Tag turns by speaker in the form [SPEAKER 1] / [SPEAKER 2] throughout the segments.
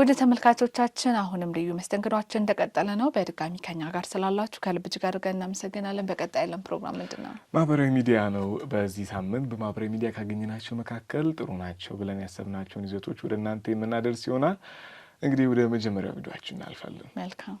[SPEAKER 1] ወደ ተመልካቾቻችን አሁንም ልዩ መስተንግዷችን እንደቀጠለ ነው። በድጋሚ ከኛ ጋር ስላላችሁ ከልብ እጅግ አድርገን እናመሰግናለን። በቀጣይ ያለን ፕሮግራም ምንድን ነው?
[SPEAKER 2] ማህበራዊ ሚዲያ ነው። በዚህ ሳምንት በማህበራዊ ሚዲያ ካገኘናቸው መካከል ጥሩ ናቸው ብለን ያሰብናቸውን ይዘቶች ወደ እናንተ የምናደርስ ይሆናል። እንግዲህ ወደ መጀመሪያው ቪዲዮችን እናልፋለን።
[SPEAKER 1] መልካም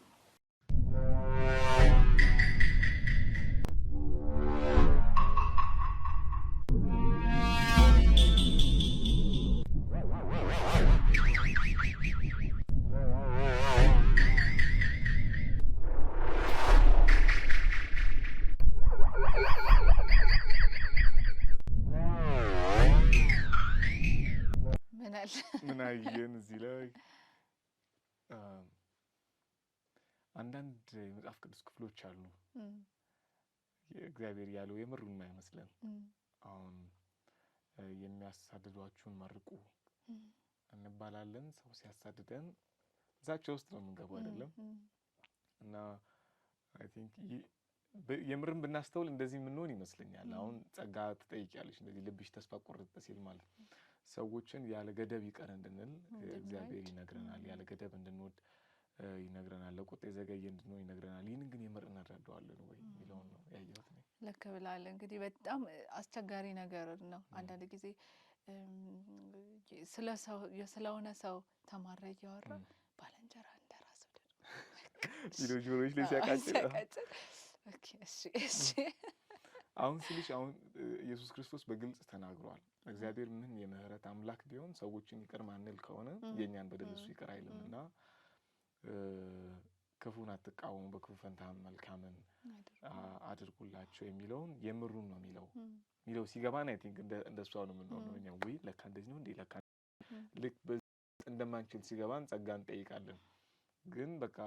[SPEAKER 1] ምናል
[SPEAKER 2] ምናየን እዚህ ላይ አንዳንድ የመጽሐፍ ቅዱስ ክፍሎች አሉ እግዚአብሔር ያለው የምሩን አይመስለን። አሁን የሚያሳድዷችሁን መርቁ እንባላለን። ሰው ሲያሳድደን እዛቸው ውስጥ ነው የምንገባው አይደለም እና የምርም ብናስተውል እንደዚህ የምንሆን ይመስለኛል። አሁን ጸጋ ትጠይቂያለሽ እንደዚህ ልብሽ ተስፋ ቆረጠ ሲል ማለት ሰዎችን ያለ ገደብ ይቅር እንድንል እግዚአብሔር ይነግረናል። ያለ ገደብ እንድንወድ ይነግረናል። ለቁጥ የዘገየ እንድንሆን ይነግረናል። ይህንን ግን የምር እንረዳዋለን ወይ የሚለውን ነው ያየሁት።
[SPEAKER 1] ልክ ብላለህ። እንግዲህ በጣም አስቸጋሪ ነገር ነው። አንዳንድ ጊዜ ስለሆነ ሰው ተማረ እያወራ ባለንጀራ እንደ ራስ
[SPEAKER 2] ብድር ሲያቃጭል አሁን ስልሽ አሁን ኢየሱስ ክርስቶስ በግልጽ ተናግሯል። እግዚአብሔር ምን የምህረት አምላክ ቢሆን ሰዎችን ይቅር ማንል ከሆነ የእኛን በደል እሱ ይቅር አይልም እና ክፉን አትቃወሙ በክፉ ፈንታ መልካምን አድርጉላቸው የሚለውን የምሩን ነው የሚለው የሚለው ሲገባ አይ ቲንክ እንደ እሷ ነው የምንሆነው እኛ ወይ ለካ እንደዚህ ነው እንዴ ለካ ልክ እንደማንችል ሲገባን ጸጋ እንጠይቃለን ግን በቃ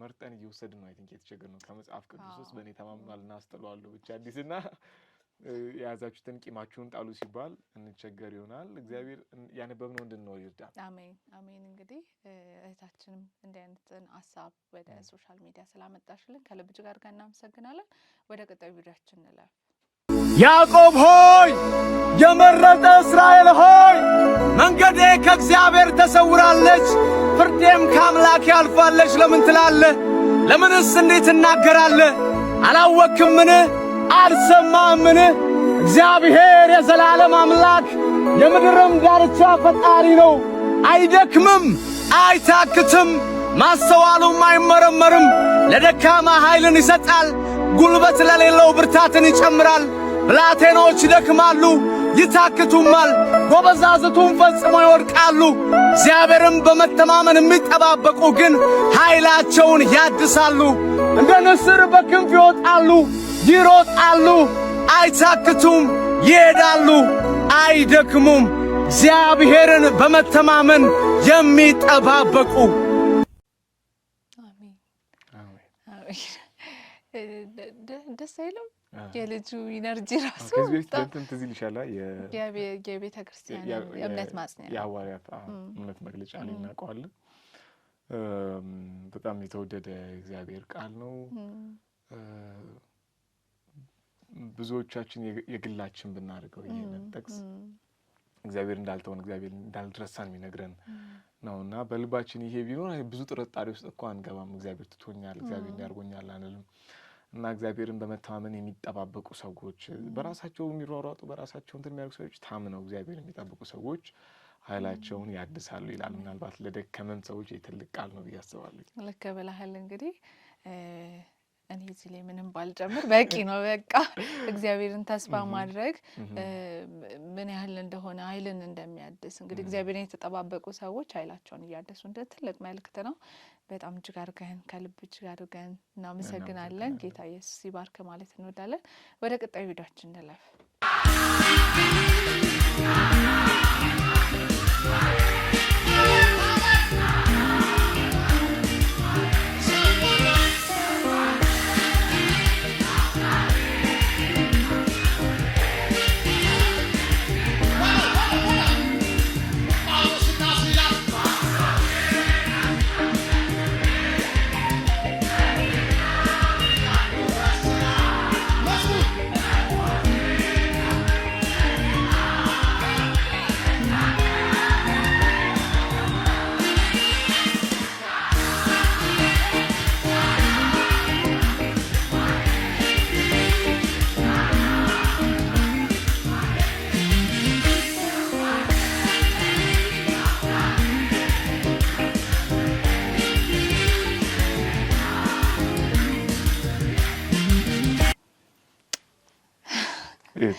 [SPEAKER 2] መርጠን እየወሰድ ነው። አይ ቲንክ የተቸገር ነው ከመጽሐፍ ቅዱስ ውስጥ በእኔ ተማምኗል አስጥለዋለሁ ብቻ አዲስና የያዛችሁትን ቂማችሁን ጣሉ ሲባል እንቸገር ይሆናል። እግዚአብሔር ያነበብነው እንድንኖር ይርዳል።
[SPEAKER 1] አሜን አሜን። እንግዲህ እህታችንም እንዲህ አይነትን ሀሳብ ወደ ሶሻል ሚዲያ ስላመጣሽልን ከልብ እጅግ ጋር እናመሰግናለን። ወደ ቀጣዩ ቪዲዮችን እንለፍ። ያዕቆብ ሆይ የመረጠ እስራኤል ሆይ መንገዴ ከእግዚአብሔር ተሰውራለች፣ ፍርዴም ከአምላኬ አልፋለች ለምን ትላለህ? ለምንስ እንዴት ትናገራለህ? አላወክምን? አልሰማምን? እግዚአብሔር የዘላለም አምላክ የምድርም ዳርቻ ፈጣሪ ነው። አይደክምም፣ አይታክትም፣ ማስተዋሉም አይመረመርም። ለደካማ ኃይልን ይሰጣል፣ ጉልበት ለሌለው ብርታትን ይጨምራል። ብላቴኖች ይደክማሉ ይታክቱማል፣ ጎበዛዝቱም ፈጽሞ ይወድቃሉ። እግዚአብሔርም በመተማመን የሚጠባበቁ ግን ኃይላቸውን ያድሳሉ። እንደ ንስር በክንፍ ይወጣሉ፣ ይሮጣሉ፣ አይታክቱም፣ ይሄዳሉ፣ አይደክሙም። እግዚአብሔርን በመተማመን የሚጠባበቁ ደስ አይልም። የልጁ ኢነርጂ ራሱ ከዚህ በፊት በእንትን ትዝ ይልሻል የቤተ ክርስቲያን የእምነት ማጽኛ የሐዋርያት እምነት መግለጫ ነው እናውቀዋለን። በጣም የተወደደ እግዚአብሔር ቃል ነው። ብዙዎቻችን የግላችን ብናደርገው ይህንን ጥቅስ እግዚአብሔር እንዳልተውን እግዚአብሔር እንዳልረሳን የሚነግረን ነው እና በልባችን ይሄ ቢኖር ብዙ ጥርጣሬ ውስጥ እኮ አንገባም። እግዚአብሔር ትቶኛል፣ እግዚአብሔር እንዲያርጎኛል አንልም። እና እግዚአብሔርን በመተማመን የሚጠባበቁ ሰዎች፣ በራሳቸው የሚሯሯጡ በራሳቸው እንትን የሚያደርጉ ሰዎች፣ ታምነው እግዚአብሔር የሚጠብቁ ሰዎች ኃይላቸውን ያድሳሉ ይላል። ምናልባት ለደከመም ሰዎች የትልቅ ቃል ነው ብዬ አስባለሁ። ልክ ብለሃል እንግዲህ ሪያሊቲ ላይ ምንም ባልጨምር በቂ ነው። በቃ እግዚአብሔርን ተስፋ ማድረግ ምን ያህል እንደሆነ ኃይልን እንደሚያድስ እንግዲህ እግዚአብሔርን የተጠባበቁ ሰዎች ኃይላቸውን እያደሱ እንደ ትልቅ መልእክት ነው። በጣም እጅግ አድርገን ከልብ እጅግ አድርገን እናመሰግናለን። ጌታ ኢየሱስ ይባርክ ማለት እንወዳለን። ወደ ቀጣዩ ቪዲዮችን እንለፍ።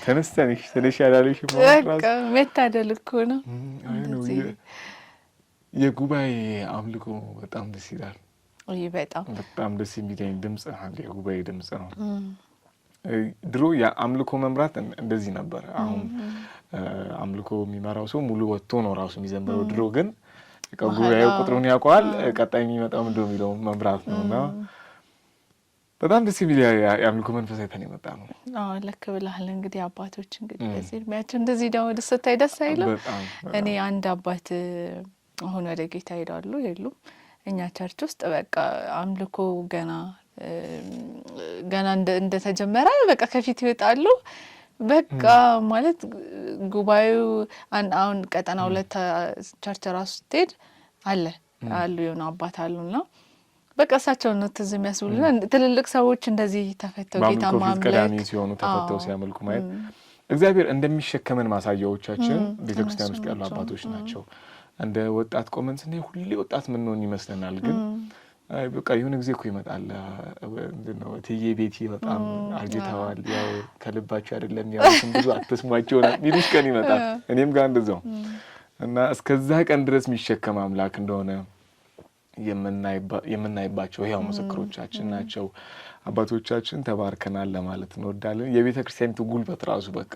[SPEAKER 1] ተነስተንሽ ትንሽ ያላለሽ መታደል እኮ ነው። የጉባኤ አምልኮ በጣም ደስ ይላል። በጣም በጣም ደስ የሚለኝ ድምፅ የጉባኤ ድምጽ ነው። ድሮ የአምልኮ መምራት እንደዚህ ነበር። አሁን አምልኮ የሚመራው ሰው ሙሉ ወጥቶ ነው ራሱ የሚዘምረው። ድሮ ግን ጉባኤው ቁጥሩን ያውቀዋል። ቀጣይ የሚመጣው ምንድን ነው የሚለው መምራት ነው እና በጣም ደስ የሚል የአምልኮ መንፈስ አይተን የመጣ ነው። ልክ ብለሃል። እንግዲህ አባቶች እንግዲህ በዚህ እድሜያቸው እንደዚህ ደግሞ ስታይ ደስ አይልም? እኔ አንድ አባት አሁን ወደ ጌታ ሄዳሉ የሉም እኛ ቸርች ውስጥ በቃ አምልኮ ገና ገና እንደተጀመረ በቃ ከፊት ይወጣሉ። በቃ ማለት ጉባኤው አሁን ቀጠና ሁለት ቸርች ራሱ ስትሄድ አለ አሉ የሆነ አባት አሉና በቃ እሳቸውን ነው ትዝ የሚያስብሉን ትልልቅ ሰዎች እንደዚህ ተፈተው ጌታ ቀዳሚ ሲሆኑ ተፈተው ሲያመልኩ ማየት እግዚአብሔር እንደሚሸከመን ማሳያዎቻችን ቤተ ክርስቲያን ውስጥ ያሉ አባቶች ናቸው። እንደ ወጣት ቆመን ስናይ ሁሌ ወጣት ምንሆን ይመስለናል። ግን በቃ የሆነ ጊዜ እኮ ይመጣል እትዬ ቤቲ በጣም አርጅተዋል፣ ያው ከልባቸው አይደለም ያሉትም ብዙ አትስሟቸው ሚሉሽ ቀን ይመጣል። እኔም ጋር እንደዛው እና እስከዛ ቀን ድረስ የሚሸከም አምላክ እንደሆነ የምናይባቸው ህያው ምስክሮቻችን ናቸው። አባቶቻችን ተባርከናል ለማለት እንወዳለን። የቤተ ክርስቲያኒቱ ጉልበት ራሱ በቃ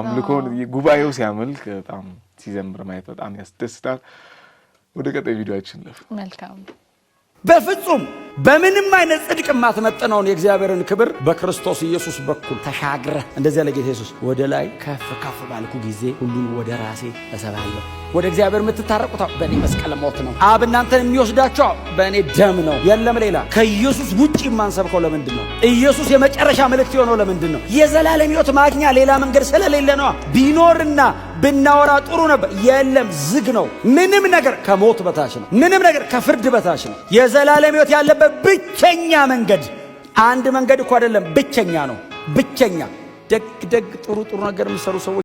[SPEAKER 1] አምልኮን ጉባኤው ሲያመልክ በጣም ሲዘምር ማየት በጣም ያስደስታል። ወደ ቀጣይ ቪዲዮችን ልፍ። መልካም በፍጹም በምንም አይነት ጽድቅ የማትመጥነውን የእግዚአብሔርን ክብር በክርስቶስ ኢየሱስ በኩል ተሻግረህ እንደዚያ ለጌታ ኢየሱስ ወደ ላይ ከፍ ከፍ ባልኩ ጊዜ ሁሉን ወደ ራሴ እሰባለሁ። ወደ እግዚአብሔር የምትታረቁት በእኔ መስቀል ሞት ነው። አብ እናንተን የሚወስዳቸው በእኔ ደም ነው። የለም ሌላ። ከኢየሱስ ውጭ የማንሰብከው ለምንድን ነው? ኢየሱስ የመጨረሻ መልእክት የሆነው ለምንድን ነው? የዘላለም ሕይወት ማግኛ ሌላ መንገድ ስለሌለ ነዋ። ቢኖርና ብናወራ ጥሩ ነበር። የለም ዝግ ነው። ምንም ነገር ከሞት በታች ነው። ምንም ነገር ከፍርድ በታች ነው። የዘላለም ሕይወት ያለበት ያለበት ብቸኛ መንገድ አንድ መንገድ እኮ አይደለም፣ ብቸኛ ነው። ብቸኛ ደግ ደግ ጥሩ ጥሩ ነገር የሚሰሩ ሰዎች